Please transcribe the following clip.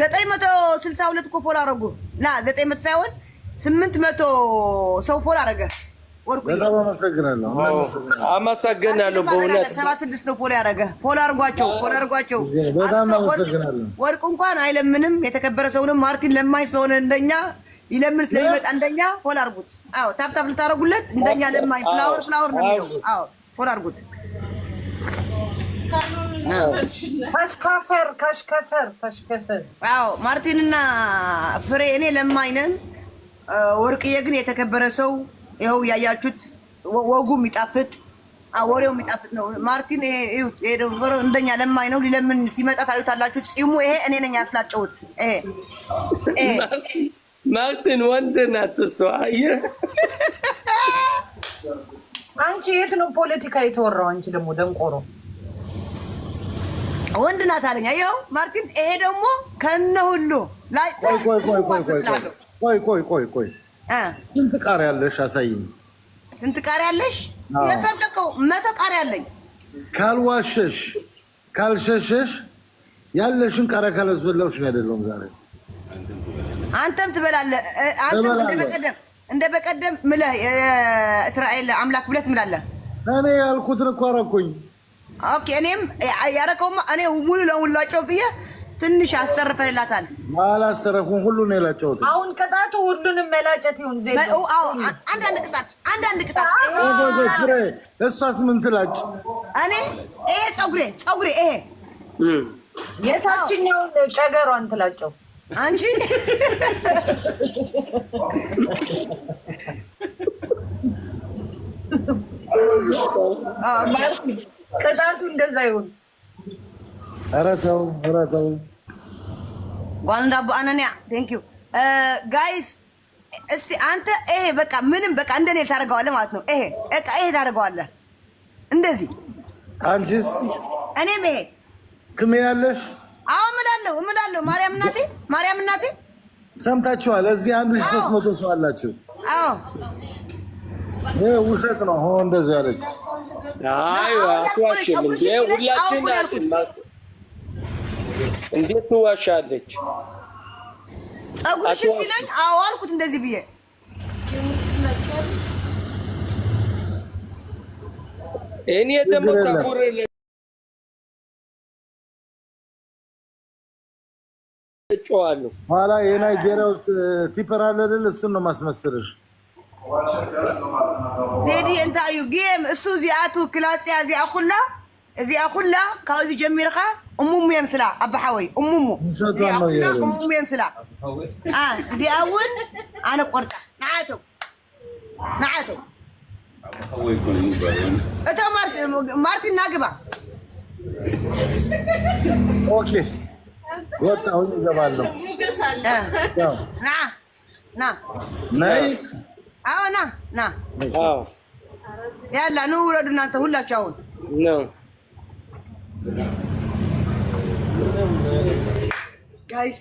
ዘጠኝ መቶ ስልሳ ሁለት እኮ ና ዘጠኝ መቶ ሳይሆን ስምንት መቶ ሰው ፎል አረገ አመሰግናለሁ፣ በእውነት ሰባ ስድስት ነው እንኳን አይለምንም የተከበረ ሰውንም ማርቲን ለማኝ ስለሆነ እንደኛ ይለምን ስለሚመጣ እንደኛ ፎል አርጉት። አዎ ታብታብ ልታረጉለት እንደኛ ለማኝ ፍላወር ፍላወር ነው የሚለው። አዎ ፎል አርጉት። ከሽከፈር ከሽከፈር ከሽከፈር። አዎ ማርቲንና ፍሬ እኔ ለማኝ ነን። ወርቅዬ ግን የተከበረ ሰው ይኸው ያያችሁት፣ ወጉ የሚጣፍጥ ወሬው የሚጣፍጥ ነው። ማርቲን ይሄ ይሄ እንደኛ ለማኝ ነው። ሊለምን ሲመጣ ታዩታላችሁ። ፂሙ ይሄ እኔ ነኝ ያስላጨሁት ይሄ ማርቲን ወንድ ናት እሷ። አንቺ የት ነው ፖለቲካ የተወራው? አንቺ ደግሞ ደንቆሮ ወንድ ናት አለኝ። ይኸው ማርቲን፣ ይሄ ደግሞ ከነ ሁሉ ላይ ቆይ ቆይ ቆይ ቆይ፣ ስንት ቃሪ ያለሽ አሳይኝ። ስንት ቃሪ ያለሽ? የፈለቀው መቶ ቃሪ ያለኝ። ካልዋሸሽ ካልሸሸሽ ያለሽን ቃሪ ካላስበላሁሽ ነው አይደለሁም ዛሬ አንተም ትበላለህ። አንተም እንደ በቀደም እንደ በቀደም ምለህ እስራኤል አምላክ ብለህ ትምላለህ። እኔ ያልኩትን እኮ አደረኩኝ። ኦኬ እኔም ያረከውማ እኔ ሙሉ ለሙሉ ላጨው ብዬ ትንሽ አስተርፈህላታል። አላስተረፍኩም። ሁሉን የላጨሁት አሁን ቅጣቱ ሁሉንም መላጨት ይሁን ዜና። አዎ አንዳንድ ቅጣት አንዳንድ ቅጣት ፍሬ። እሷስ ምን ትላጭ? እኔ ይሄ ፀጉሬ ፀጉሬ ይሄ የታችኛውን ጨገሯን ትላጨው አንቺ ቅጣቱ እንደዛ ይሁን። ኧረ ተው፣ ኧረ ተው። ጓንዳ በአነንያ ቴንክ ዩ ጋይስ። እስቲ አንተ ይሄ በቃ ምንም በቃ እንደኔ ታደርገዋለህ ማለት ነው። ይሄ በቃ ይሄ ታደርገዋለህ እንደዚህ። አንቺስ? እኔም ይሄ ትሜያለሽ እምላለሁ እምላለሁ። ማርያም እናቴ ማርያም እናቴ ሰምታችኋል። እዚህ አንድ ሺህ ሦስት መቶ ሰው አላችሁ። አዎ ይሄ ውሸት ነው። ሆኖ እንደዚህ ያለች አይ አትዋሽም እንዴ! ሁላችን እንዴት ትዋሻለች? ጸጉርሽ ሲለኝ አዎ አልኩት እንደዚህ ብዬ እኔ ደግሞ ጸጉር እጨዋለሁ። ኋላ የናይጄሪያው ቲፐር አለ አይደል? እሱን ነው ማስመስልሽ። ዜዲ እንታይ ጌም እሱ እዚኣቱ ክላፅያ እዚኣ ኩላ እዚኣ ኩላ ካብዚ ጀሚርካ እሙሙ የምስላ ኣባሓወይ እሙሙ እሙሙ የምስላ እዚኣ እውን ኣነ ቆርፃ ንዓቶም ንዓቶም እቶም ማርቲን ናግባ ኦኬ ወጣሁኝ እገባለሁ። ና ና ነይ። አዎ ና ና ያላ ኑ ውረዱ እናንተ ሁላችሁ አሁን ጋይስ